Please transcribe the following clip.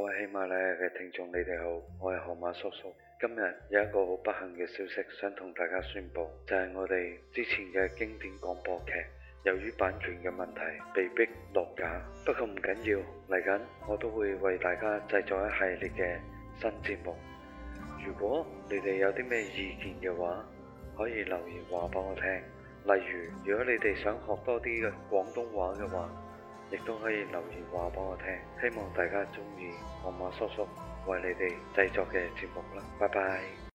各位喜馬拉雅嘅聽眾，你哋好，我係河馬叔叔。今日有一個好不幸嘅消息想同大家宣布，就係我哋之前嘅經典廣播劇，由於版權嘅問題，被逼落架。不過唔緊要，嚟緊我都會為大家製作一系列嘅新節目。如果你哋有啲咩意見嘅話，可以留言話俾我聽。例如，如果你哋想學多啲嘅廣東話嘅話。亦都可以留言話畀我聽，希望大家鍾意我河馬叔叔為你哋製作嘅節目啦，拜拜。